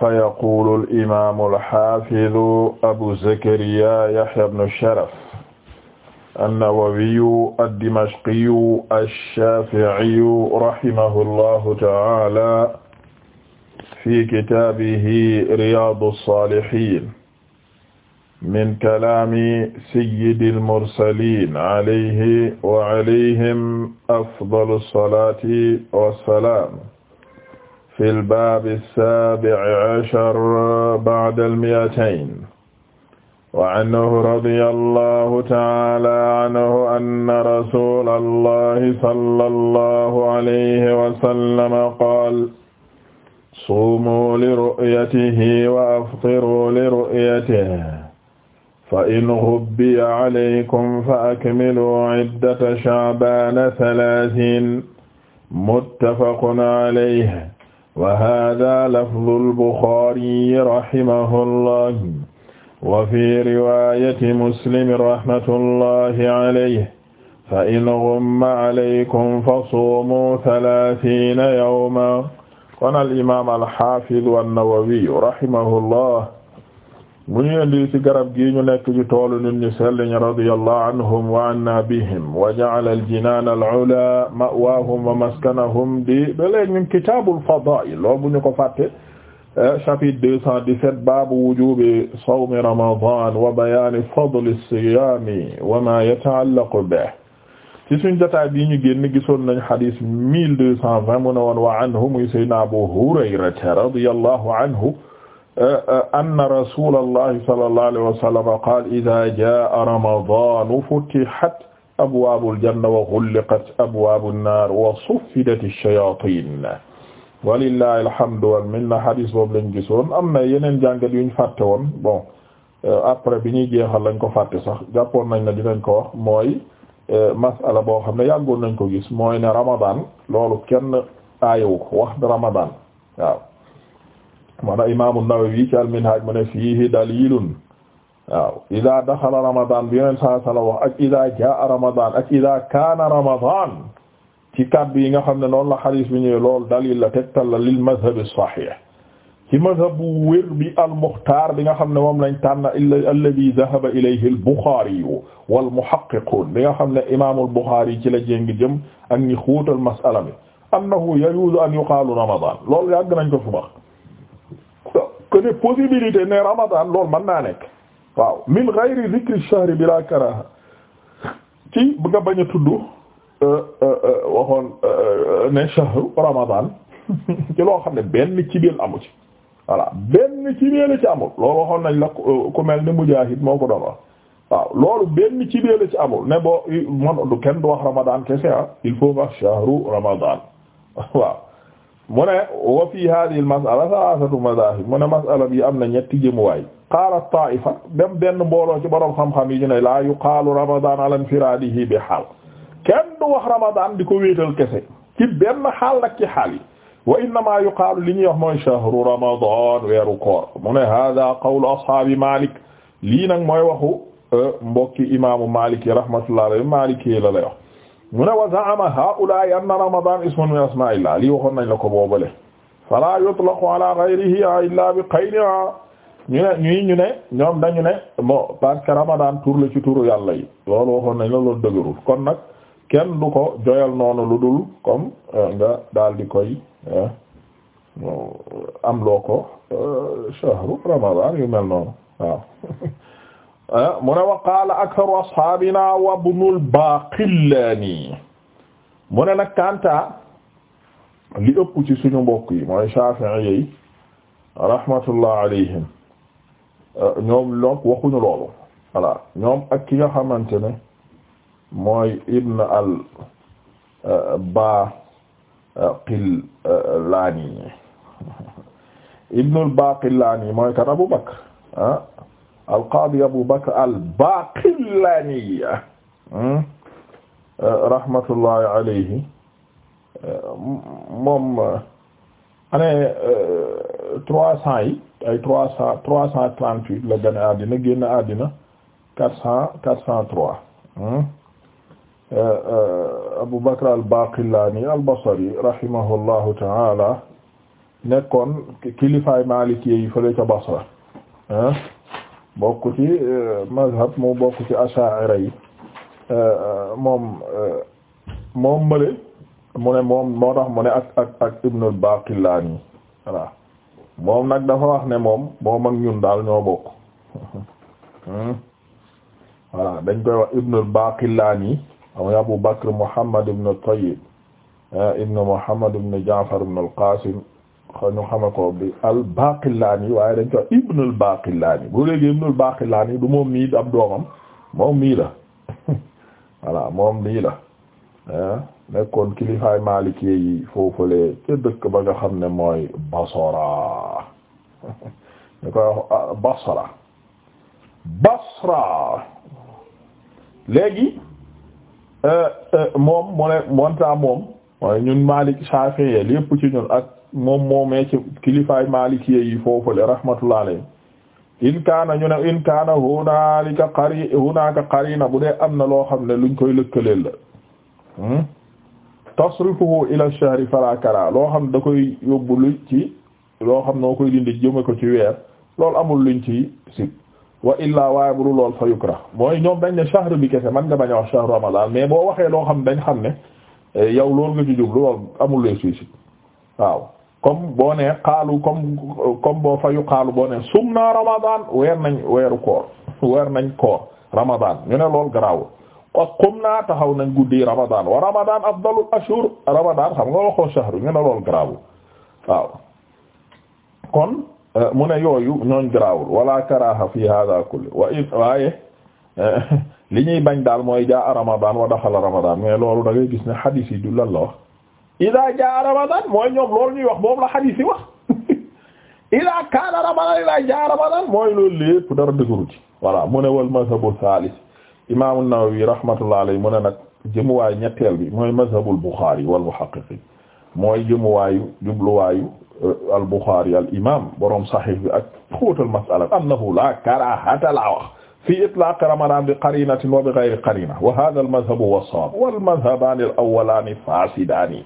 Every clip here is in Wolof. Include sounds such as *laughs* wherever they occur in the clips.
fa yaqulu al-imaamu al-haafidu abu zakariyaa yahyaa ibnu sharaf an-nawawiyyu ad-dimashqiyyu ash-shaafi'iyyu rahimahu llaahu ta'aalaa fi kitaabihi riyaadu s-saalihiin min kalaami sayyidi l-mursaliin alayhi wa alayhim afdalu s-salaati wa s-salaam في الباب السابع عشر بعد المئتين وعنه رضي الله تعالى عنه أن رسول الله صلى الله عليه وسلم قال صوموا لرؤيته وأفطروا لرؤيته فإن غبي عليكم فأكملوا عدة شعبان ثلاثين متفق عليه wa haaza lafzul Buxaari rahimahullahi wa fi riwaayati Muslim rahmatullahi alayhi fa in ghumma alaykum fasuumu talaatiina yawman kon al imaam al haafiz an-Nawawi rahimahullah mu ñu indi ci garab gi ñu nekk ci toolu nit ñu sell ñi radiyallahu anhum wa anna bihim wa ja'ala al-jinaan al-'ulaa ma'waahum wa maskanahum di ba léegi ñun kitaabul fadaa'il loolu bu ñu ko fàtte chapitre deux cent dix-sept baabu wujuubi sawmi ramadaan wa bayaani fadli as-siyaami wa maa yata'allaqu bihi ci suñu jotaay bi ñu génn gisoon nañ xadiis mille deux cent vingt mu ne woon wa anhu muy sayyidina Abu Hurayrata radiyallahu anhu anna rasulallahi sallallahu alayhi wa sallam qaala idaa jaa'a ramadaanu futihat abwaabul janna wa ghulliqat abwaabun naar wa suffidati shayaatiin walillahi alhamdu wal minna hadis boobu lañ gisoon am na yeneen jàngat yuñ fàtte woon bon euh, après bi ñuy jeexal lañ ko fàtte sax jàppoon nañ ne dinañ ko wax mooy euh, masala boo xam ne yàggoon nañ ko gis mooy ne Ramadan loolu kenn aayewu ko wax Ramadan waaw. wana imaamu Nawawi ci al-Minhaj mu ne fiihi dalilun waaw ida daxala ramadan bi yonent saa sala wax ak ida jaa ramadan ak ida kaana ramadan ci kàddu yi nga xam ne noonu la xadiis bi ñëwee lool dalil la tegtal la lil mazhab as-sahih ci mazhab bu wér bi al-mukhtar bi nga xam ne moom lañ tànn alladhi dhahaba ilayhi al-Bukhari wal muhaqqiqun bi nga xam ne imaamul Bukhari ci la jéngi jëm ak ñi xuutal mas'ala mi annahu yajuuzu an yuqaalu ramadan loolu yàgg nañ ko fi wax que ne possibilité ne Ramadan loolu mën naa nekk waaw min ghayri dhikri shahri bila karaha ci bu nga bañ a tudd euh, euh, euh, waxoon ne shahru Ramadan *laughs* ci loo xam ne benn ci biir amu ci voilà benn ci biir ci amul loolu waxoon nañ la ku mel ni Mujaahid moo ko doon wax waaw loolu benn ci biir ci amul ne boo man du kenn du wax Ramadan kese ah. il faut nga shahru Ramadan *laughs* waaw. mu ne wa fi hadhihi al mas'ala thalathatu madahib mu ne mas'ala bi am na ñetti jëmuwaay qaala ta'ifa dem benn mbooloo ci borom xam-xam yi ñu ne la yuqaalu ramadan ala infiradihi bi xaal kenn du wax ramadan di ko wéetal kese ci benn xaal nag ci xaal yi wa innama yuqaalu li ñuy wax mooy shahru ramadan weeru koor mu ne hada qawlu ashaabi malik lii nag mooy waxu euh, mbokki imaamu malik yi rahmatullah alayhi malik yi la lay wax mu ne wa za'ama haa'ulaa'i anna Ramadan ismun min asmaa'illah lii waxoon nañ la ko boobale fala yutlaqu ala ghayrihi illa bi qayliha ñu ne ñuy ñu ne ñoom dañu ne bon parce que Ramadan tur la ci turu yàlla yi loolu nañ la loolu dëgërul kon nag kenn du ko joyal noonu lu dul comme euh, nga daal di koy euh, am loo ko euh, shahru Ramadan yu mel noonu waaw *laughs* Eh? mu ne wa qaala aktharu ashaabina wa ibnul Baaqillaani mu ne nag kanta li ëpp ci suñu mbokk yi mooy Shaafi'i yi rahmatullah alayhim eh, ñoom loog waxuñu loolu voilà ñoom ak ki nga xamante ne mooy Ibn al eh, Baaqillaani *laughs* Ibn al Baaqillaani mooy kan Abu Bakr ah alqaadi Abu Bakr al-Baaqillaani hmm? uh, rahmatullahi alayhi uh, moom uh, année trois cent yi ay trois cent trois cent trente-huit la gane àddina génn àddina quatre cent quatre cent trois hmm? Abu Bakr al-Baaqillaani al-Basri rahimahullahu ta'ala nekkoon kilifaay Maaliki yi fële ca Basra bokk ci euh, mazhab mu bokk ci asha'ira yi euh, euh, moom moom mële mu ne moom moo tax mu ne ak ak ak ibnul Baqillaani voilà moom nag dafa wax ne moom moom ak ñun daal ñoo bokk *laughs* hmm? voilà dañ koy wax ibnul Baqillaani aw Abu Bakr Muhammad ibnu Tayyib ibnu Muhammad ibnu Ja'far ibnul Qaasim ñu xama ko bi al Baqillaani waaye dañ ko ibn al Baqillaani boo léegi ibn al Baqillaani du moom mii ab doomam moom mii la *laughs* voilà moom mii la ah nekkoon kilifaay Maliki yi foofule ca dëkk ba nga xam ne mooy Basora *laughs* ñu koy wax ah, Basra Basra léegi euh, euh, moom mu ne monta moom mooy ñun Malik Shafi'i lépp ci ñun ak moom moomee ci kilifaay maalikiyé yi foofule le alayhi in kaana ñu ne in kaana hunaalika qari hunaaka qarina bu dee am na loo xam ne luñ koy lëkkaleel la hmm? tasrifuhu ila shahri fala kara loo xam da koy yóbbu lu ci loo xam noo koy dindi ci weer lool amul luñ ci sib wa illaa waaye buru lool fa yukra mooy ñoom dañ ne shahr bi kese man nga bañ a wax shahr ramadan mais boo waxee loo xam dañ xam ne eh, yow loolu nga ci jublu loolu amul luy suy sib waaw comme boo nee xaalu comme comme boo fayu xaalu boo nee sum naa weer nañ weeru koor weer nañ koor ramadan ñu ne lool garaawul ak qum naa taxaw nañ guddi ramadan wa ramadan afdalul ashur ramadan kon eh, mu ne yooyu ñooñ garaawul wala karaha fi hada kulli wa in waaye eh, *laughs* li ñuy bañ daal mooy jaa a ramadan wa daxala ramadan mais loolu da gis ne hadith du lan wax ida jaa ramadan mooy ñoom loolu ñuy wax boobu la xadiis yi wax ida kaana ramadan ida jaa ramadan mooy loolu lépp dara dëgëru ci voilà mu ne wal mazhabu thalis imaamu Nawawi rahmatullah alayhi mu ne nag jëmuwaayu ñetteel bi mooy mazhabul Bukhari wal muhaqqiqin mooy jëmuwaayu jubluwaayu euh, al Bukhari al imaam borom saxiix bi ak xóotal masala annahu la karaahata la wax fi itlaaq ramadan bi qarinatin wa bi ghayri qarina wa haadha al mazhabu was sawaab wal mazhabaani al awwalaani faasidaani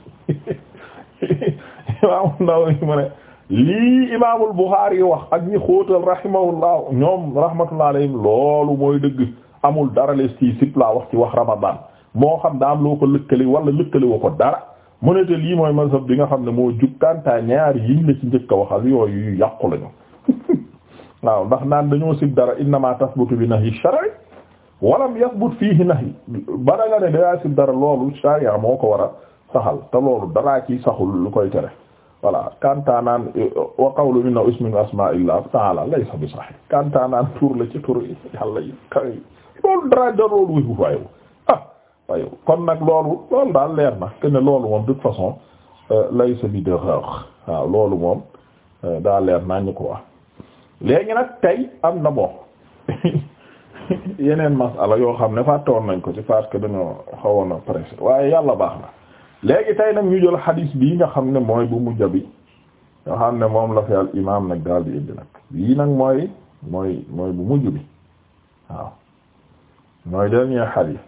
Imaam An-Nawawi mu ne lii Imaamul Buxaari yi wax ak ñi xóotal rahimahullah ñoom rahmatullah alayhim loolu mooy dëgg amul dara les ci sipla wax ci wax Ramadan moo xam daa am loo ko lëkkale wala lëkkale woo ko dara mu ne te lii mooy mazhab bi nga xam ne moo jukkantaa ñaari yiñ la ci njëkk a waxal yooyu yu yàqu lañu *laughs* waaw ndax naan dañoo sib dara innama tasbutu bi nahyi shar'i walam yasbut fiihi nahyi ba nga ne dayaa sib dara loolu sharia moo ko war saxal te loolu daraa ci saxul lu koy tere voilà kantaanaan wa qawlu minna ismin asma'illah ta'ala laysa bi sahih kantaanaan tur la ci tur yàlla yi kawe loolu dara da loolu wuyu fa yow ah kon nag loolu loolu daal leer na que loolu moom de toute façon euh, laysa bi d'erreur waaw loolu moom euh, daa leer naa ñu ko nag tey am na bon *laughs* yeneen masala yoo xam ne fàtte woon nañ ko ci parce que dañoo xawoon a pressé waaye yàlla baax na léegi tey nag ñu jël xadiis bii nga xam ne mooy bu mujj bi nga xam ne moom la fi al imaam nag daal di indi nag mooy mooy mooy bu mujj bi waaw mooy dernier xadiis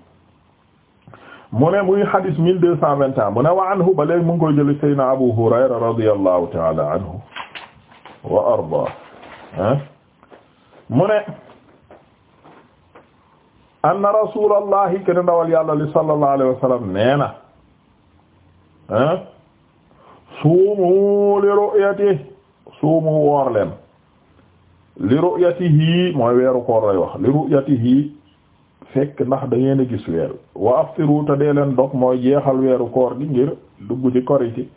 mu ne muy xadiis mille mil cent vingt un mu ne wa anhu ba léegi mu ngi koy jël Seydina Abu Hurayra radiyallahu ta'ala anhu wa ardaa mu ne anna rasuulallahi ken ndawal yàlla li sallallahu alayhi wa sallam ah suumu li ru'yati suumu woor leen li ru'yatihi mooy weeru koor lay wax li ru'yatihi fekk ndax da ngeen a gis weer wa aftiru te dee leen dog mooy jeexal weeru koor gi ngir dugg ci koriti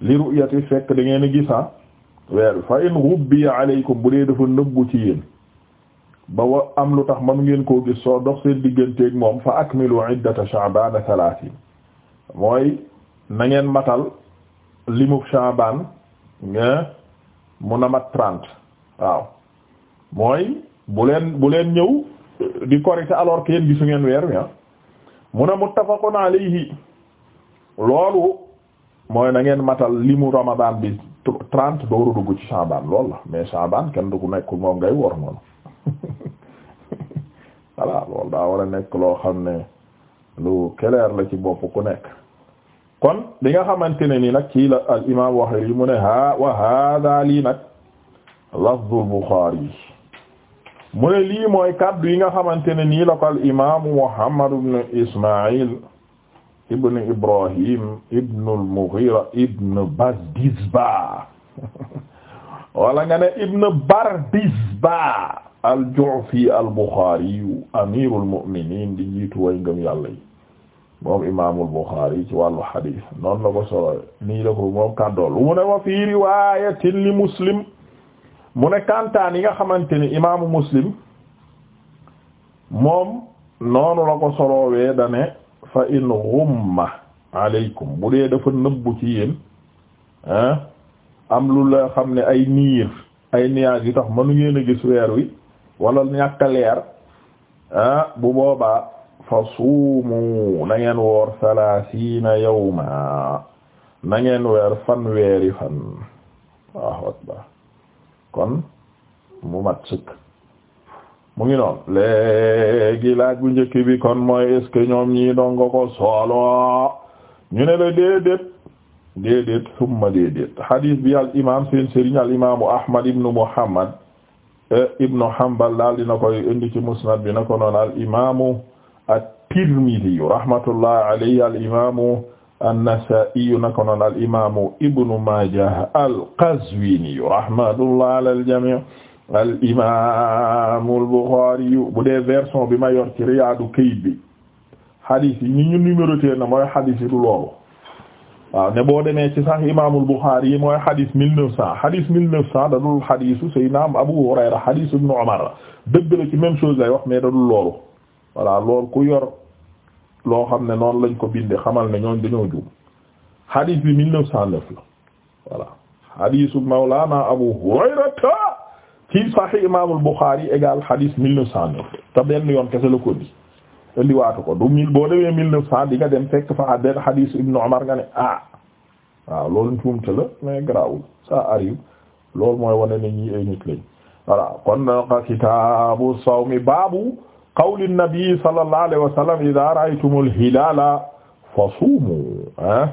li ru'yati fekk da ngeen a gisa ah, weer fa in rubbiya alaykum bu dee dafa nëbbu ci yéen ba wa am lu tax manu ngeen koo gis soo dox seen digganteeg moom fa akmilu iddata sha'bana thalathin mooy na ngeen matal limu Shaaban nga mun a mat trente waaw mooy bu leen bu leen ñëw di korite alors que yéen gisu ngeen weer wi ah. mun a muttafaqun alayhi loolu mooy na ngeen matal limu Ramadan bi trente dooru dugg ci Shaaban loolu la mais Shaaban kenn du ko nekkul moom ngay wor noonu *laughs* voilà loolu daa war a nekk loo xam ne lu clair la ci bopp ku nekk kon li nga xamante ne ni nag ci la al imam waxe yi mu ne ha wa hada lii nag lafdul Bukhari mu ne lii mooy kaddu yi nga xamante ne nii la ko al imamu Muhammad ibn Ismail ibn Ibrahim ibn al-Mughira ibn Bazdizba *laughs* wala nga ne ibn Bardizba al-Ju'fi al-Bukhari amirul mu'minin di jiitu way ngëm yàlla yi moom imaamul Buxaari ci wàllu xadiis noonu la ko solo nii la ko moom kàddool mu ne wa fii riwaayatin li muslim mu ne kantaan yi nga xamante ni imaamu muslim moom noonu la ko solowee dane fa in ghumma aleykum bu dee dafa nëbbu ci yéen am lu la xam ne ay niir ay nuages yu tax mënu ngeen a gis weer wi wala ñàkk leer bu boobaa fa suumu na woor salaasiina yawma na ngeen weer fanweeri fan waaw akbar kon mu mat sëkk mu ngi noonu léegi laaj bu njëkk bi kon mooy est-ce ñoom ñii dongo ko solo ñu ne la déedéet déedéet summa déedéet hadith bi al imam seen sëriñ al imaamu ahmad ibnu muhammad eh, ibnu hanbal daal dina koy indi ci bi na ko al imaamu at-Tirmidhi rahmatullahi alayhi al-imaamu an-Nasaa'i naka noonu al-imaamu Ibnu Maajah al-Qazwiini rahmatullahi ala al-jamii' al-imaamu al-Bukhaari bu dee version bi ma yor ci Riyaadu kayit bi xadis yi ni ñu numéroté na mooy xadis yi du loolu waaw ne boo demee ci sax imaamul Buxaari yi mooy xadis mille neuf cent xadis mille neuf cent da dul xadisu Seydina Abu Hurayra xadisu Ibnu Umar dëgg la ci même chose lay wax mais da dul loolu voilà lool ku yor loo xam ne noonu lañ ko bindee xamal ne ñoon dañoo juum hadith bi mille neuf cent neuf la voilà hadithu mawlana Abu Hurayrata ci sahih imaamul Bukhari égal hadith mille neuf cent neuf te benn yoon kese la ko di indiwaatu ko du mil boo demee mil neuf cent di nga dem fekk fa benn hadith Ibn Umar nga ne ah waaw loolu njuumte la mais garaawul ça arrive loolu mooy wane ne ñii nit lañ voilà kon nag kitaabu sawmi baabu qawli nabi sallallahu alayhi wa sallam idha ra'aytumul hilala fasuumu ah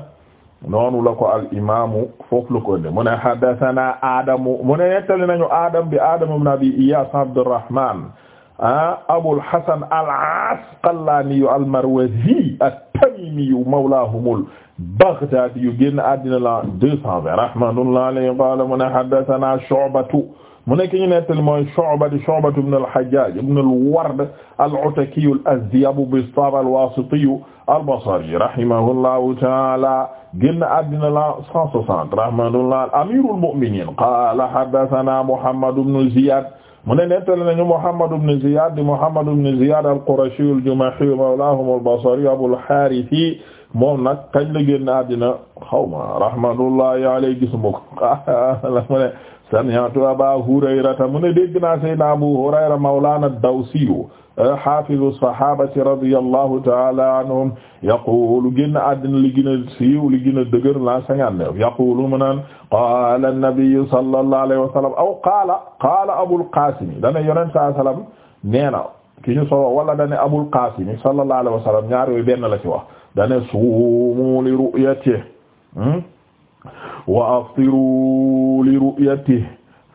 noonu la ko al imaamu foofu la ko indi mu ne haddathana Adamu mu ne nettali nañu Adam bi Adam ibn Abi Iyas Abdurrahman ah Abul Hasan al-Asqalani al-Marwazi at-Tamimi mawlahum al-Baghdadi génn àddina la 220 rahmatullahi alayhi qala mu ne haddathana Shu'batu mu nekk ñu nettali mooy Shu'ba di Shu'ba ibn al-Hajjaj ibn al-Ward al-Ataki al-Azdi Abu Bistam al-Wasiti al-Basri rahimahullahu ta'ala génn àddina la 160 rahmatullah amirul mu'minin qala haddathana Muhammad ibn Ziyad mu ne nettali nañu Muhammad ibn Ziyad di Muhammad ibn Ziyad al-Qurashi al-Jumahi mawlahum al-Basri Abu al-Harithi moom nag kañ la génn àddina xaw ma rahmatullahi alayhi gis mu *laughs* ne sami'tu Aba Hurayrata mu ne dégg naa Seydina Abu Hurayra mawlaana ad-Dawsiyu haafizu sahaabati radiyallahu ta'ala anhum yaquulu génn àddina li gën a siiw li gën a dëgër la cinquante-neuf yaquulu mu naan qaala an-nabiyyu sallallahu alayhi wa sallam aw qaala qaala Abul Qaasim dana yonent saa sallam nee na ki ñu solo wala dane Abul Qaasim sallallahu alayhi wa sallam ñaar yooyu benn la ci wax dane suumu li ru'yatihi hmm? wa aftiru li ru'yatihi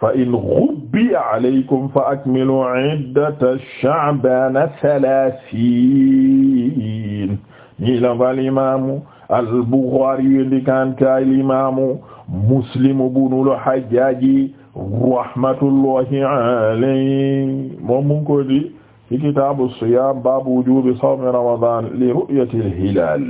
fa in ghubbiya alaykum fa akmilu iddata sha'bana thalathin ñii la wal imaamu al-Bukhari yu ndikanta al-imaamu Muslim ibnul Hajjaaj rahmatullahi alayhi moom mu ngi ko di ci kitaabu siyaam baabu wujuubi sawmi ramadaan li ru'yatil hilaal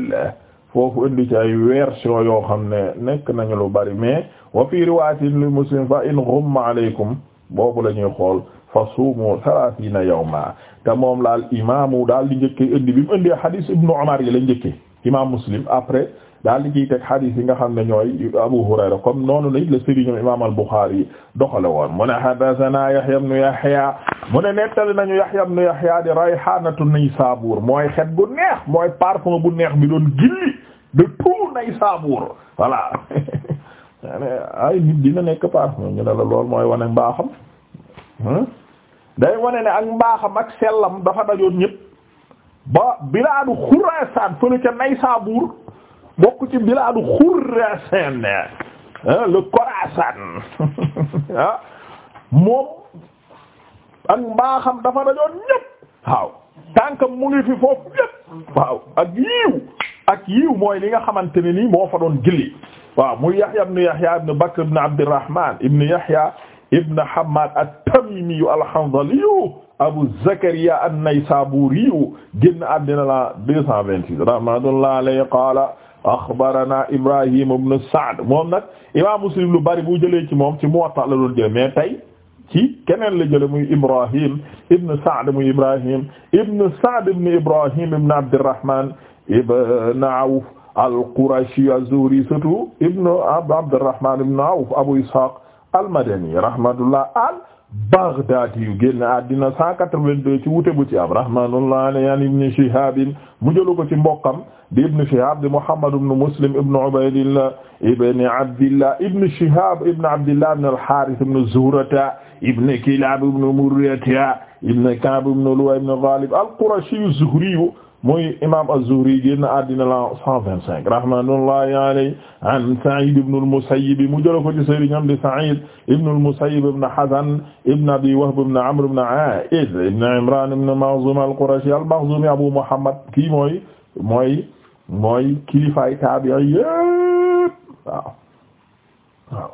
foofu indi ci ay version yoo xam ne nekk nañu lu bari mais wa fi riwaayatin li muslim fa in ghumma alaykum boobu la ñuy xool fa suumu thalathina yawma te moom laal imaamu daal di njëkkee indi bi mu indee hadith ibnu Umar yi la njëkkee imaam muslim après daal liggéey ciy teg hadith yi nga xam ne ñooy Abu Hurayra comme noonu lañ la sëriñam Imaam al-Bukhari doxale woon mu ne haddathana Yahya ibn Yahya mu ne nettali nañu Yahya ibn Yahya di rayhanatu Naysabur mooy xet bu neex mooy parfum bu neex bi doon gilli de tout Naysabur voilà *laughs* ay nit dina nekk parfum ñu ne la lool mooy wane mbaaxam day wane ne ak mbaaxam ak sellam dafa dajoon ñëpp ba bilaadu Xuraasaan fële ca Naysabur ci bilaadu Xuraasaan ah, le Khorasan *laughs* ah moom ak mbaaxam dafa dajoon ñépp waaw tànkam mu ngi fi foofu ñépp waaw ak yiiw ak yiiw mooy li nga xamante ne nii moo fa doon jëli waaw muy Yahya ibn Yahya ibn Bakr ibn Abdurrahman ibn Yahya ibn Hammad at-Tamimi al-Hanzali Abu Zakariya an-Naysaburi génn àddina la 226 rahmatullahi alayhi qala axbarana Ibrahim ibn Sa'd moom nag imaam Muslim lu bari bu jëlee ci moom ci Muwatta la doon jëlee mais tey ci keneen la jëlee muy Ibrahim ibn Sa'd muy Ibrahim ibn Sa'd ibn Ibrahim ibn Abdurrahman ibn Awf al-Qurashi az-Zuhri surtout ibn Abdurrahman ibn Awf Abu Ishaq al-Madani rahmatullah al Baghdadi yu génn àddina 182 ci wute bu ci am rahmanullah alayhi an ibn Shihab mu jëlu ko ci mbokkam di ibn Shihab di Muhammad ibn Muslim ibn Ubaydillah ibn Abdillah ibn Shihab ibn Abdillah ibn al-Harith ibn Zuhrata ibn Kilab ibn Murrata ibn Ka'b ibn Lu'ay ibn Ghalib al-Qurashi az-Zuhri muy imam az-Zuhri génn àddina la 125 rahmatullahi alayhi an Sa'id ibn al-Musayyib mu jëla ko ci sëriñam di Sa'id ibn al-Musayyib ibn Hazn ibn Abi Wahb ibn Amr ibn A'id ibn Imran ibn Makhzum al-Qurashi al-Makhzumi Abu Muhammad kii mooy mooy mooy kilifaay taabi'i yépp waaw waaw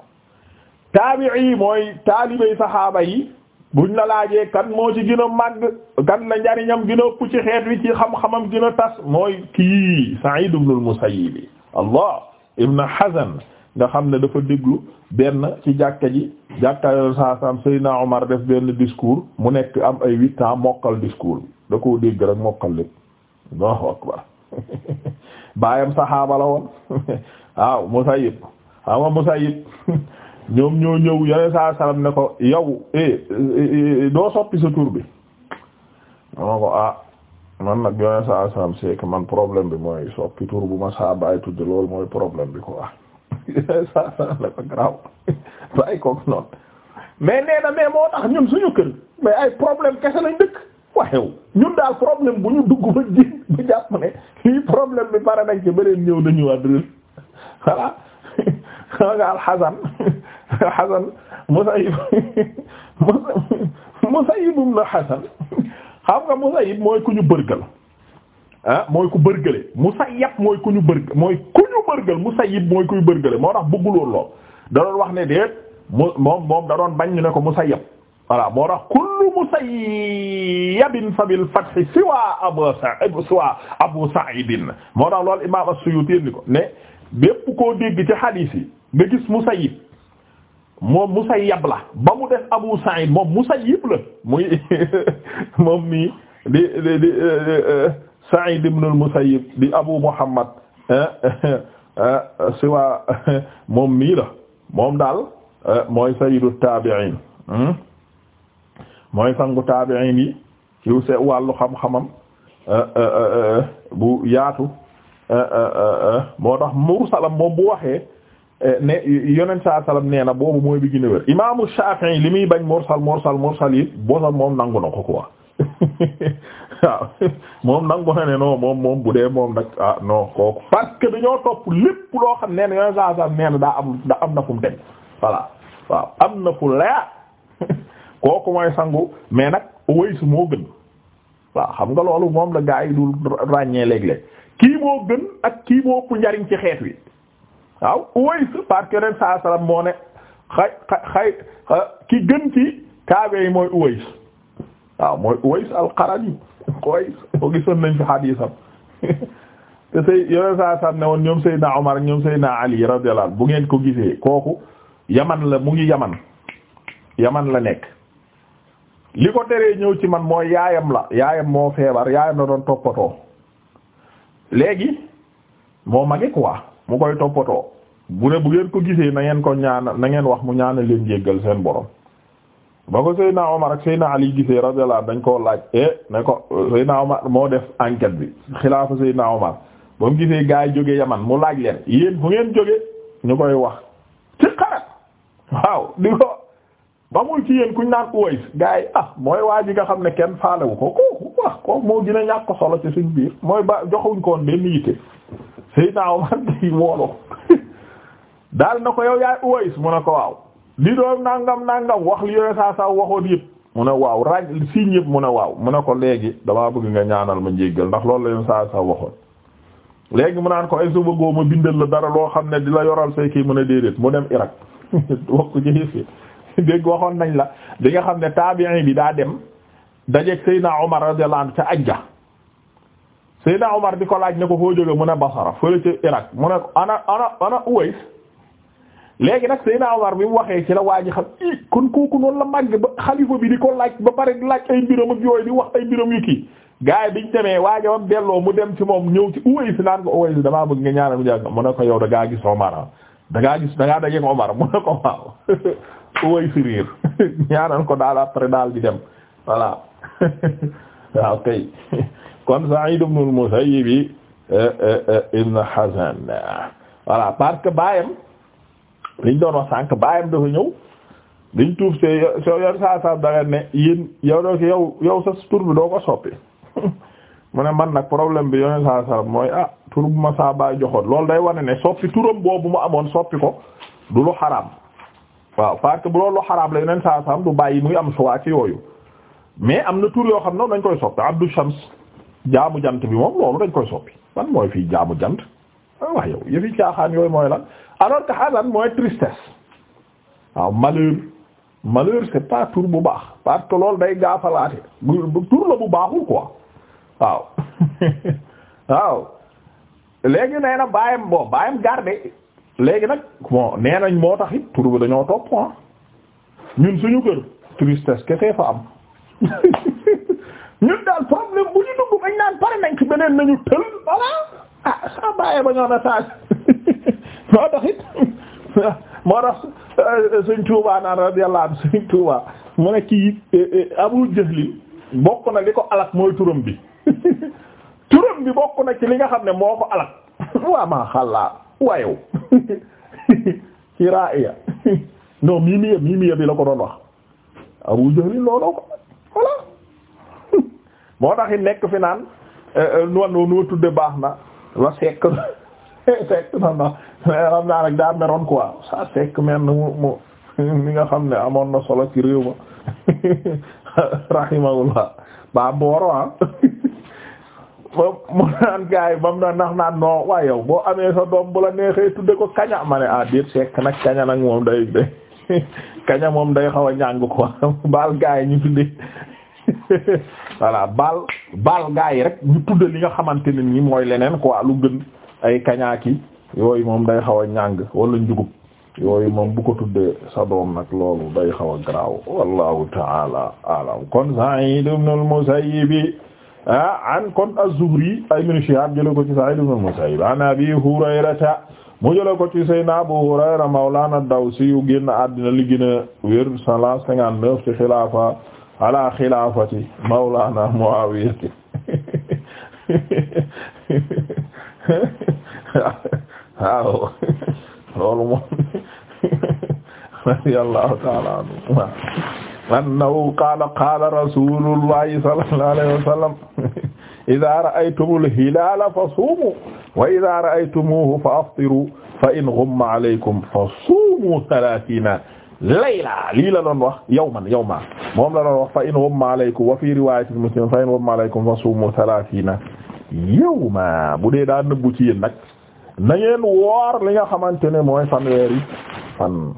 taabi'i mooy taalibey saxaaba yi buñ la laajee kan moo ci gën a màgg na la njariñam gën a xeet wi ci xam-xamam gën a tas mooy kii Sa'id ibn al-Musayyib Allah ibn xasan nga xam ne dafa déglu benn ci jàkka ji jàkka yoon saa saam Seydina Omar def benn discours mu nekk am ay huit ans mokkal discours bi da ko dégg rek mokkal lépp Allahu akbar *laughs* baayam saxaaba la woon *laughs* waaw Musayyib waaw Musayyib *laughs* ñoom ñoo ñëw yeneen ne ko yow eh, eh, eh, doo soppi sa tur bi dama ko ah man nag yeneen saa salaam c'est man problème bi mooy soppi tur bu ma saa bàyyi tudd loolu mooy problème bi quoi yeneen saa salaam ne ko garaaw *laughs* bàyyi koog noonu mais nee moo tax ñun suñu kër mais ay problème kese lañ dëkk waaye ñun daal problème bu ñu dugg ba ji ba jàpp ne lii problème bi pare nañ ci beneen ñëw dañu adresse *laughs* voilà *laughs* nga alxasan *laughs* Hasan Musayyib *laughs* Musayyib ibn Hasan xam nga Musayyib mooy ku ñu bërgal ah mooy ku bërgale Musayyab mooy ku ñu bërg mooy ku ñu bërgal Musayyib mooy kuy bërgale moo tax bëgguloon lool da doon wax ne déet mu moom moom da doon bañ ñu ne ko Musayyab voilà moo tax kullu musayyabin fa bil fath siwa abu sa'id siwa abu sa'idin moo tax loolu imaam as-Suyuti ni ko ne bépp koo dégg ci hadith yi nga gis Musayyib moom Musayyab la ba mu def Abu Sa'id moom Musayyib la muy *laughs* moom mii di di di eh, Sa'id ibn al-Musayyib di Abu Muhammad eh, eh, siwa *laughs* moom mii la moom daal mooy sayyidu taabi'iin hmm? mooy sangu taabi'iin yi ci wàllu xam-xamam bu yaatu moo tax mursalam moom bu waxee Euh, ne yonent saa salaam nee na boobu mooy bi gën a wér imaamu Shafi'i li muy bañ mursal mursal mursal yi boosal moom nangu na ko quoi *laughs* waaw moom nangu na ne non moom moom bu dee moom nag ah non kooku parce que dañoo topp lépp loo xam nee na daa am daa am na fu mu dem voilà waaw am na fu leer *laughs* kooku mooy sangu mais nag wëy su moo gën waaw xam nga loolu moom la gaa yi dul ràññee léeg-léeg kii moo gën ak kii moo ëpp njariñ ci xeet wi. waaw Uways parce que saa salaam moo ne xay xay ki gën ci kaabe yi mooy Uways waaw mooy Uways al-Qarani *laughs* Uways boo gisoon nañ fi xadiisam *laughs* te say yore saa salaam ne woon ñoom Seydina Omar ñoom Seydina Ali radiyallahu bu ngeen ko gisee kooku yaman la mu ngi yaman yaman la nekk. li ko teree ñëw ci man mooy yaayam la yaayam moo feebar yaayam la doon toppatoo léegi moo mage quoi. mu koy toppatoo bu ne bu ngeen ko gisee na ngeen ko ñaana na ngeen wax mu ñaana leen jéggal seen borom ba ko Seydina Omar ak Seydina Ali gisee radiyallahu anhu dañ koo laaj eh, ne ko euh, Seydina Omar moo def enquête bi xilaafa Seydina Omar ba mu gisee gaa yi jóge Yaman mu laaj leen yéen fu ngeen jóge ñu koy wax ci xarat waaw di ko ba muy ci yéen kuñ naan Uways gaa yi ah mooy waa ji nga xam ne kenn faalewu ko ko wax kooku moo gën a ñàkk solo ci suñ biir mooy ba joxuñ ko woon benn yitte Seydina Omar *laughs* day woolo daal na ko yow yaay Uways mu ne ko waaw lii doon nangam nangam wax li yore saa saa waxoon yëpp mun ne waaw raj siiñ yëpp mu a waaw mu ne ko léegi damaa bëgg nga ñaanal ma njéggal ndax loolu la yore saa saa waxoon. léegi mun naan ko ay suba góob ma bindal la dara loo xam ne di la yoral say kii mu ne déedéet mu dem Irak *laughs* wax ko ci *laughs* dégg waxoon nañ la li nga xam ne taabiin bi daa dem. dajeeg Seydina Omar radiyallahu anhu ca ajja Seydina Omar di ko laaj ne ko foo jóge mu ne Basra fële ca Irak mu ne ana ana ana Uways léegi nag Seydina Omar bi mu waxee ci la waa ji xam kon kooku noonu la màgg ba xalifa bi di ko laaj ba pare di laaj ay mbiram ak yooyu di wax ay mbiram yu kii gars yi biñ demee waajamam delloo mu dem ci moom ñëw ci Uways naan ko Uways damaa bëgg nga ñaanal mu jàg ne ko yow da ngaa gis Omar ah. da ngaa gis da ngaa dajeeg Omar mu ne ko waaw *laughs* Uways riir *laughs* ñaanal ko daal di dem voilà waaw kay *laughs* kon Sa'id ibn al-Musayyib eh, eh, eh, ibn Hazan voilà parce que baayam liñ doon wax sànq baayam dafa ñëw biñ tuub see soo yor saa saa dara ne yéen yow sa tur bi doo ko soppi *laughs* mu ne man nag problème bi yone saa saa mooy ah tur bu ma saa baay joxoon loolu day wane ne soppi turam boobu mu amoon soppi ko du lu xaraam waaw parce bu loolu lu xaraam la yeneen saa saa du bàyyi muy am suwaa yooyu. mais am na tur yoo xam ne dañ koy soppi Abdou Shams jaamu jant bi moom loolu dañ koy soppi ban mooy fii jaamu jant ah waaw yow yëfi caaxaan yooyu mooy lan alors que xasan mooy tristesse waaw malheur malheur c'est pas tur bu baax parce que loolu day gaafalaate tur la bu baaxul quoi waaw *laughs* waaw léegi nee na bàyyam bon bàyyam gardé léegi nag bon nee nañ moo tax it tur bi dañoo topp ah ñun suñu kër tristesse kese fa am. *laughs* ñun daal problème bu ñu dugg bañ naan pare nañ ci beneen nañu tël voilà ah saa bàyyee ba ñoo na saa moo tax it *laughs* moo tax euh, sëñ Touba naan radiyallahu anhu sëñ Touba mu ne kii eh, eh, Abu li ko alak mooy turam bi *laughs* turam bi bokk na ci li nga xam ne moo ko alak waa maa xàllaa wayow raa iya non mii miya bi la ko doon wax Abu voilà *laughs* moo tax nekk fi naan noonu euh, euh, noo tudde baax na wa sekk *laughs* sekk na na xam naa rek daa meroon quoi sa sekk mel na mu mu mi nga xam ne amoon na solo ci réew ma *laughs* rahimahullah ba booro ah mu naan gaay bam na nax naan non waa yow boo amee sa doom bu la neexee tudde ko kaña ma ne ah déet sekk nag kaña nag moom day day *laughs* kaña moom day xaw a ñàng ko *laughs* baal gaa yi ñu tuddee *laughs* voilà baal baal gaa yi rek ñu tudde li nga xamante ne ni mooy leneen quoi lu gën ay ki yooyu moom day xaw a ñàng wala njugub yooyu moom bu ko tuddee sa doom nag loolu day xaw a garaaw wallahu taala alam kon Sa'id ibn al-Musayyib ah an kon az-Zuhri ay min Shihab jële ko ci Sa'id ibn al-Musayyib an Abi Hurayrata mu jëlee ko ci Abu Hurayra mawlana Dawsi yu génn àddina li gën a wér cent la cinquante neuf ci xilaafa ala xilaafati mawlana Muawiya loolu moom radiyallahu ta'ala anhu annahu qaala qaala rasulullahi sallallahu alayhi wa idaa ra'aytumul hilaala fasuumu wa idaa ra'aytumuuhu fa aftiru fa in ghumma alaykum fasuumu thalaathiina layla lii la doon wax yawman yawman moom la doon wax fa in ghumma alaykum wa fii riwaayatil muslim fa in ghumma alaykum fasuumu thalaathiina yawman bu dee daa nëbbu ci yéen nag na ngeen woor li nga xamante ne mooy fanweeri fan.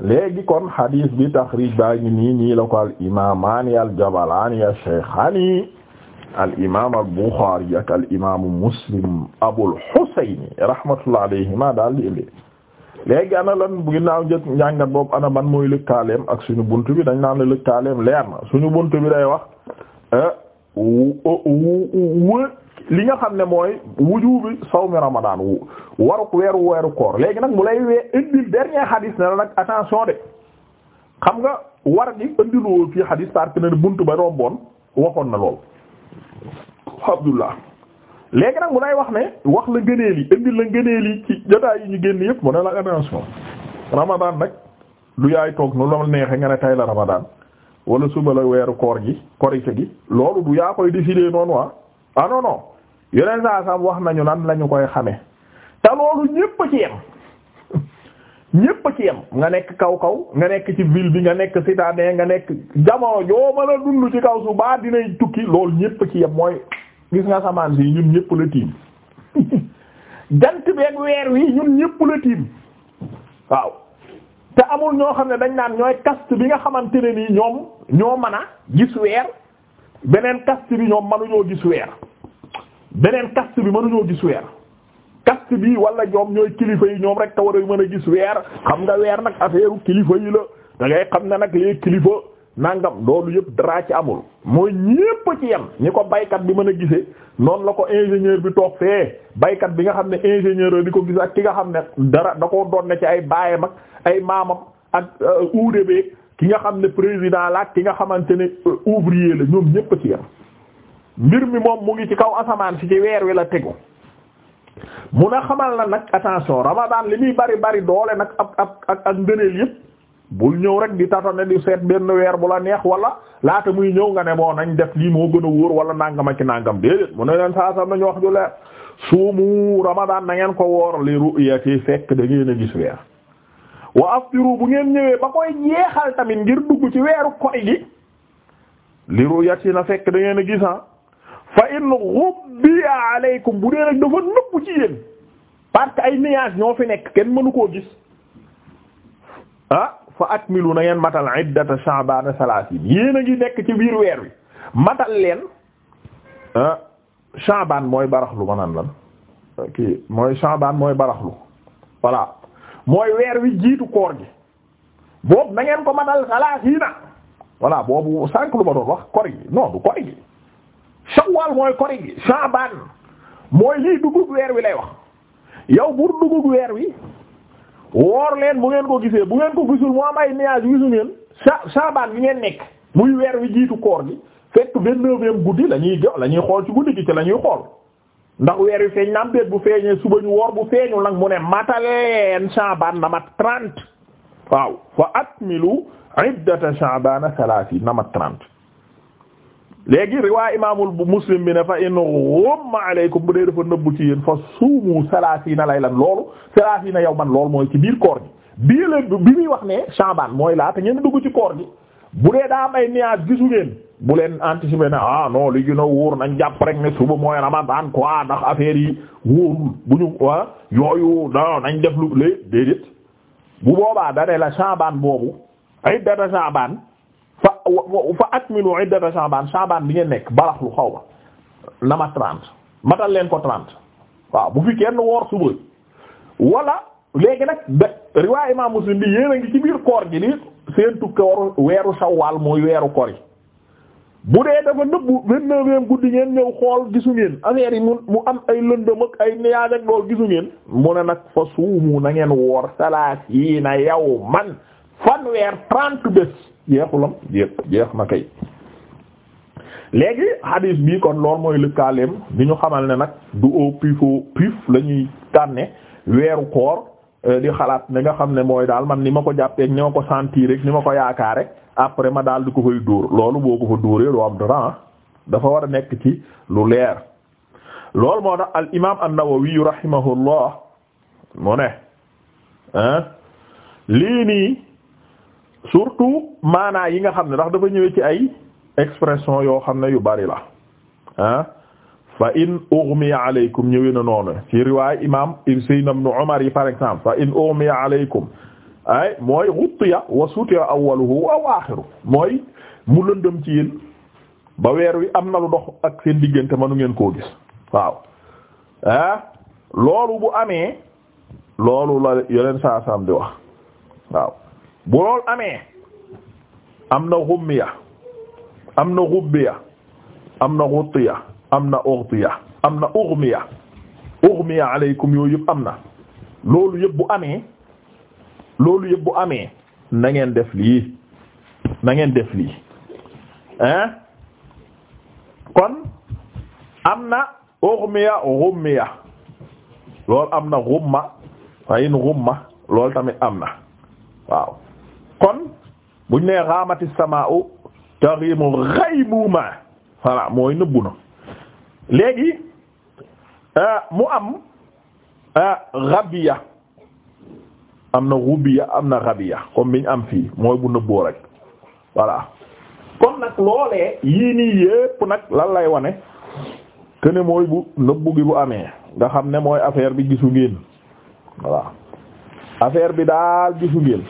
léegi kon hadis bi taxrij baa ngi nii ñii la ko al imaamaani al jabalaani al sheykhaani al imaam al Buxaari ak al imaamu Muslim Abul Husayn rahmatullahi alayhima daal di indi léegi ana lan bu ginnaaw njëkk njàngat boobu ana ban mooy lëkkaaleem ak suñu bunt bi dañ naan la lëkkaaleem leer na suñu bunt bi day wax eh, li nga xam ne mooy wujubi sawmi Ramadan wu waruk weeru weeru koor léegi nag mu lay wee indil dernier hadis ne nag attention de xam nga war gi indiloo fii hadis parce que ne bunt ba romboon waxoon na lool. Abdullah léegi nag mu lay wax ne wax la ngëneel yi indi la ngëneel yi ci jotaay yi ñu génn yëpp mu ne la attention Ramadan nag du yaay toog nu la neexee nga ne tay la Ramadan wala suba la weeru koor ji korite gi loolu du yaa koy décider noonu ah, ah non yeneen saa sam wax nañu nan la ñu koy xame te loolu ñépp ci yem *laughs* ñépp ci yem nga nekk kaw kaw nga nekk ci ville bi nga nekk citadin nga nekk jamono joo mën a dund ci kaw su baa dinay tukki loolu ñépp a ci yem mooy gis nga asamaan si ñun ñëpp la tiim *laughs* jant beeg weer wi ñun ñëpp la tiim waaw te amul ñoo xam ne dañ naan ñooy caste bi nga xamante ne nii ñoom ñoo mën a gis weer beneen caste bi ñoom mënuñoo gis weer beneen caste bi mënuñoo gis weer caste bi wala ñoom ñooy kilifa yi ñoom rek te war a mën a gis weer xam nga weer nag affaire kilifa yi la da xam ne nag les kilifa. nangam loolu yëpp dara ci amul mooy ñépp ci yem ñi ko baykat bi mën a gisee noonu la ko ingénieur bi toog fee baykat bi nga xam ne ingénieur di ko gis ak ki nga xam ne dara da koo doon ne ci ay baayam ak ay maamam ak euh, UDB ki nga xam ne président la ki nga xamante ne euh, ouvrier la ñoom ñépp ci yem. mbir mi moom mu ngi ci kaw asamaan si ci weer wi la tegu mun a xamal na nag attention Ramadan li muy bari bari doole nag ak ak ak ak ngëneel yëpp. bul ñëw rek di tata ne di seet benn weer bu la neex wala laata muy ñëw nga ne bon nañ def lii moo gën a wóor wala nàngama ci nàngam déedéet mu ne leen saa sam nañu wax ju leer suumu ramadaan na ngeen ko woor li ru'yati fekk da a gis weer wa aftiru bu ngeen ñëwee ba koy jeexal tamit ngir dugg ci weeru koy gi li ru'yati na fekk dangeen a gis ah fa in ghubbiya alaykum bu dee nag dafa nëbb ci yéen parce que ay nuages ñoo fi nekk kenn mënu koo gis ah. fa atmilu nangeen ngeen matal iddata sha'bana salasin yéen a ngi nekk ci biir weer wi matal leen ah mooy baraxlu manan lan kii mooy sha'ban mooy baraxlu voilà mooy weer wi jiitu koor gi boobu na ngeen ko matal salaasina voilà boobu sànq lu ma doon wax kori gi non du kori gi shawwal mooy lii dugub weer wi lay wax yow bur dugub weer wi woor leen bu ngeen ko gisee bu ngeen ko gisul moo am ay nuages gisu ngeen sa saabaan bi ngeen nekk muy weer wi jiitu koor gi fekk vingt-neuvième guddi la ñuy jox la ñuy xool ci guddi gi ci la ñuy xool ndax weer wi feeñ na bu feeñee suba ñu woor bu feeñul nag mu ne mataleen saabaan na mat trente waaw fa akmilu iddata saabaan salaasi na mat trente léegi riwaay imaamul muslim bi ne fa in ghumma alaykum bu dee dafa nëbbu ci yéen fa suumu salaasiina laylan loolu salaasiina man loolu mooy ci biir koor gi bii la bi muy wax ne Shaaban mooy laata ngeen dugg ci koor gi bu dee daa may nuage gisu ngeen bu leen anticiper ne ah non li a wóor nañ jàpp rek ne suba mooy Ramadan quoi ndax affaire yi wóorul bu ñu ah yooyu non nañ def lu déedéet bu boobaa da la Shaaban boobu ay dara Shaaban fa akmilu iddata Sha'ban Sha'ban bi ngeen nekk balax lu xaw ma na ma matal leen ko trente waaw bu fi kenn woor suba wala léegi nag da riwaay Imaam Muslim bi yéen ngi ci biir koor gi nii seen tukka waru weeru Shawwal mooy weeru koor yi bu dee dafa nëbbu vingt-neuvième guddi ngeen ñëw xool gisu ngeen affaire yi mu am ay lëndëm ak ay nuages ak lool gisu ngeen mu ne nag fa suumu na ngeen woor salaas yii na yow man fanweer trente bés jeexulam jeex jeex na kay léegi hadis bi kon lool mooy lëkkaaleem bi ñu xamal ne nag du au pifo pif la ñuy tànne weeru koor euh, di xalaat ni nga xam ne mooy daal man ni ma ko jàppee ni ma ko sentir rek ni ma ko yaakaar rek après ma daal di ko fay dóor loolu boo ko fa dóoree doo am dara ah. dafa war a nekk ci lu leer loolu moo tax al imaam an-Nawawi rahimahullah mu ne ah, lii nii surtout maanaa yi nga xam ne ndax dafa ñëwee ci ay expression yoo xam ne yu bari la ah fa in ughmiya alaykum ñëwee na noonu ci riwaay imam Sayyidina Ibn Umar yi par exemple fa in ughmiya alaykum ay mooy ghuttiya wa sutira awwaluhu wa akhiru mooy mu lëndëm ci yéen ba weer wi am na lu dox ak seen diggante mënu ngeen koo gis waaw ah loolu bu amee loolu la yeneen saa saam di wax waaw bu lool amee am na xummiya am na xubbiya am na xuttiya am na ughtiya am na ughmiya ughmiya aleykum yooyu yëpp am na loolu yëpp bu amee loolu yëpp bu amee nangeen def lii na ngeen def lii hein kon am na ughmiya ghummiya loolu am na ghumma fayin ghumma loolu tamit am na waaw kon buñ nee xaamati samaa'u taghimu ghaymuma voilà mooy nëbbu na léegi euh, mu am ghabiya euh, am na ghubiya am na ghabiya comme biñ am fii mooy bu nëbboo rek voilà kon nag loolee yii nii yépp nag lan lay wane que ne mooy bu nëbbu gi bu amee nga xam ne mooy affaire bi gisu ngeen voilà affaire bi daal gisu ngeen